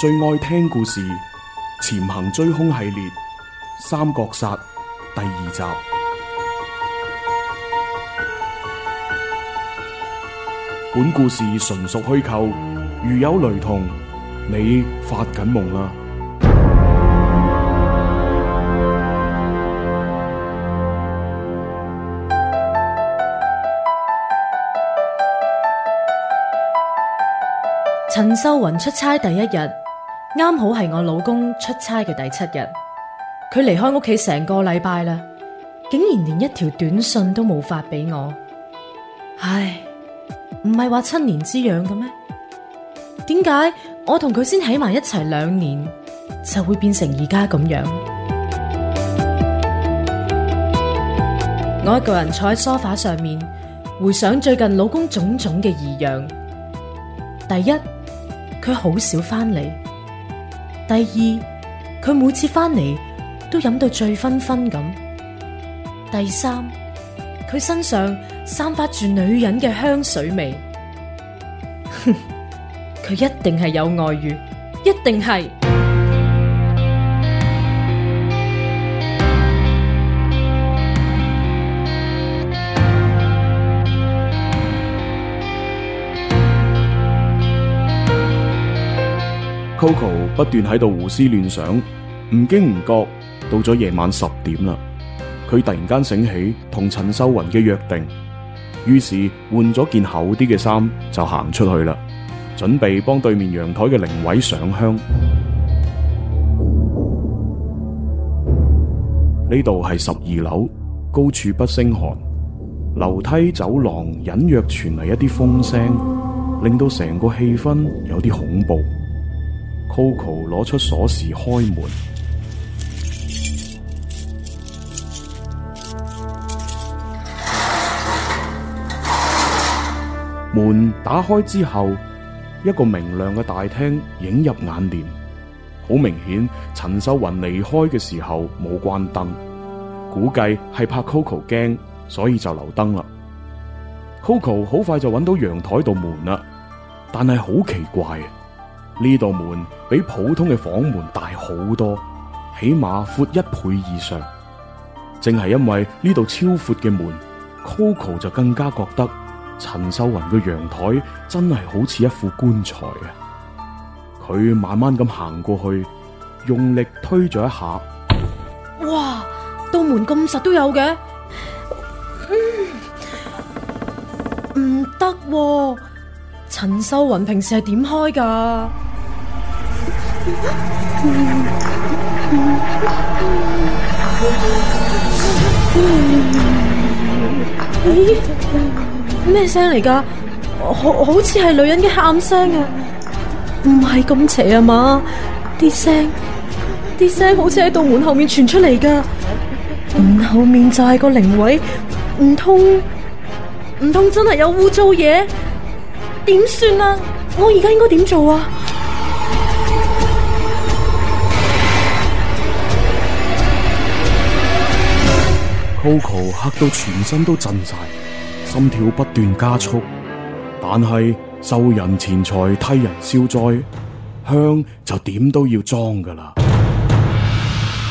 最愛聽故事《潛行追凶》系列《三角殺》第二集。本故事純屬虛構，如有雷同，你發緊夢啦！陳秀雲出差第一日。啱好係我老公出差嘅第七日，佢離開屋企成個禮拜啦，竟然連一條短信都冇發俾我。唉，唔係話七年之癢嘅咩？點解我同佢先喺埋一齊兩年，就會變成而家咁樣？我一個人坐喺梳化上面，回想最近老公種種嘅異樣。第一，佢好少翻嚟。第二，佢每次翻嚟都飲到醉醺醺咁。第三，佢身上散發住女人嘅香水味。佢 一定係有外遇，一定係。Coco 不斷喺度胡思亂想，唔經唔覺到咗夜晚十點啦。佢突然間醒起同陳秀雲嘅約定，於是換咗件厚啲嘅衫就行出去啦，準備幫對面陽台嘅靈位上香。呢度係十二樓，高處不勝寒。樓梯走廊隱約傳嚟一啲風聲，令到成個氣氛有啲恐怖。Coco 攞出鎖匙開門，門，門打開之後，一個明亮嘅大廳映入眼簾。好明顯，陳秀雲離開嘅時候冇關燈，估計係怕 Coco 驚，所以就留燈啦。Coco 好快就揾到陽台度門啦，但係好奇怪啊！呢道門比普通嘅房門大好多，起碼闊一倍以上。正係因為呢度超闊嘅門，Coco 就更加覺得陳秀雲嘅陽台真係好似一副棺材啊！佢慢慢咁行過去，用力推咗一下。哇！道門咁實都有嘅，唔得喎！陳秀雲平時係點開噶？ 咦？咩聲嚟噶？好，好似係女人嘅喊聲啊！唔係咁邪啊嘛？啲聲，啲聲好似喺道門後面傳出嚟噶。門後面就係個靈位，唔通，唔通真係有污糟嘢？點算啊？我而家應該點做啊？Poco 嚇到全身都震晒，心跳不斷加速。但係收人錢財替人消災，香就點都要裝噶啦。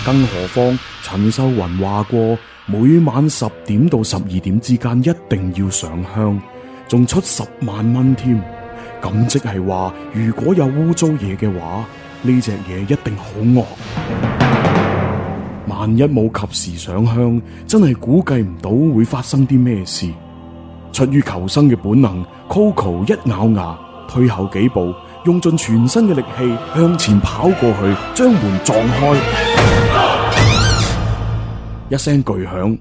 更何況陳秀雲話過，每晚十點到十二點之間一定要上香，仲出十萬蚊添。咁即係話，如果有污糟嘢嘅話，呢隻嘢一定好惡。萬一冇及時上香，真係估計唔到會發生啲咩事。出於求生嘅本能，Coco 一咬牙，退後幾步，用盡全身嘅力氣向前跑過去，將門撞開。啊！一聲巨響，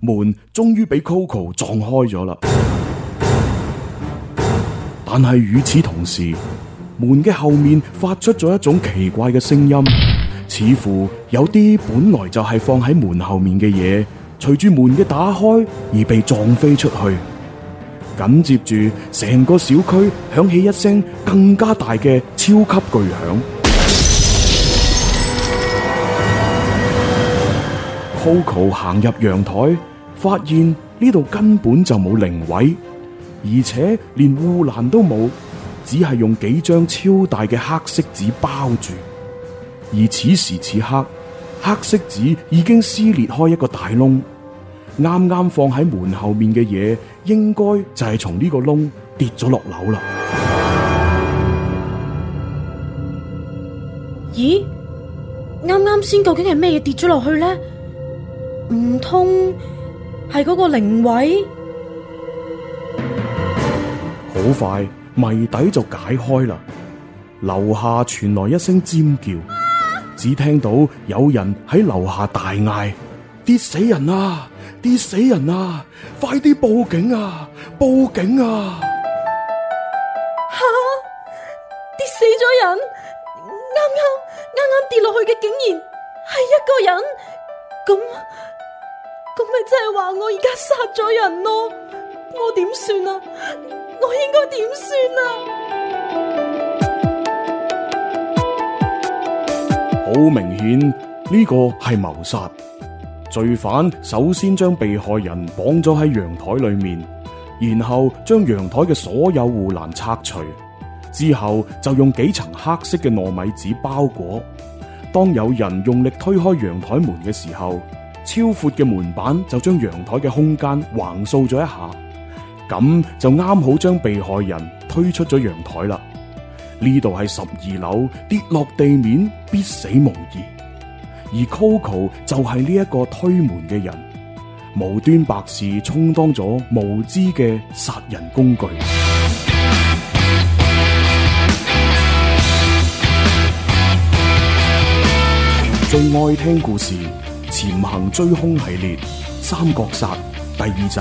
門終於俾 Coco 撞開咗啦。但係與此同時，門嘅後面發出咗一種奇怪嘅聲音。似乎有啲本來就係放喺門後面嘅嘢，隨住門嘅打開而被撞飛出去。緊接住，成個小區響起一聲更加大嘅超級巨響。 Coco 行入陽台，發現呢度根本就冇靈位，而且連護欄都冇，只係用幾張超大嘅黑色紙包住。而此時此刻，黑色紙已經撕裂開一個大窿，啱啱放喺門後面嘅嘢，應該就係從呢個窿跌咗落樓啦。咦？啱啱先究竟係咩嘢跌咗落去呢？唔通係嗰個靈位？好快謎底就解開啦！樓下傳來一聲尖叫。只聽到有人喺樓下大嗌：跌死人啊！跌死人啊！快啲報警啊！報警啊！吓！跌死咗人！啱啱啱啱跌落去嘅竟然係一個人！咁咁咪即係話我而家殺咗人咯？我點算啊？我應該點算啊？好明顯，呢個係謀殺，罪犯首先將被害人綁咗喺陽台裏面，然後將陽台嘅所有護欄拆除，之後就用幾層黑色嘅糯米紙包裹。當有人用力推開陽台門嘅時候，超闊嘅門板就將陽台嘅空間橫掃咗一下，咁就啱好將被害人推出咗陽台啦。呢度係十二樓，跌落地面，必死無疑。而 Coco 就係呢一個推門嘅人，無端白事充當咗無知嘅殺人工具。最愛聽故事《潛行追凶》系列《三角殺》第二集，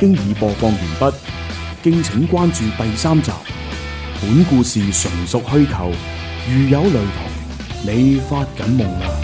經已播放完畢，敬請關注第三集。本故事純屬虛構，如有雷同，你發緊夢啦。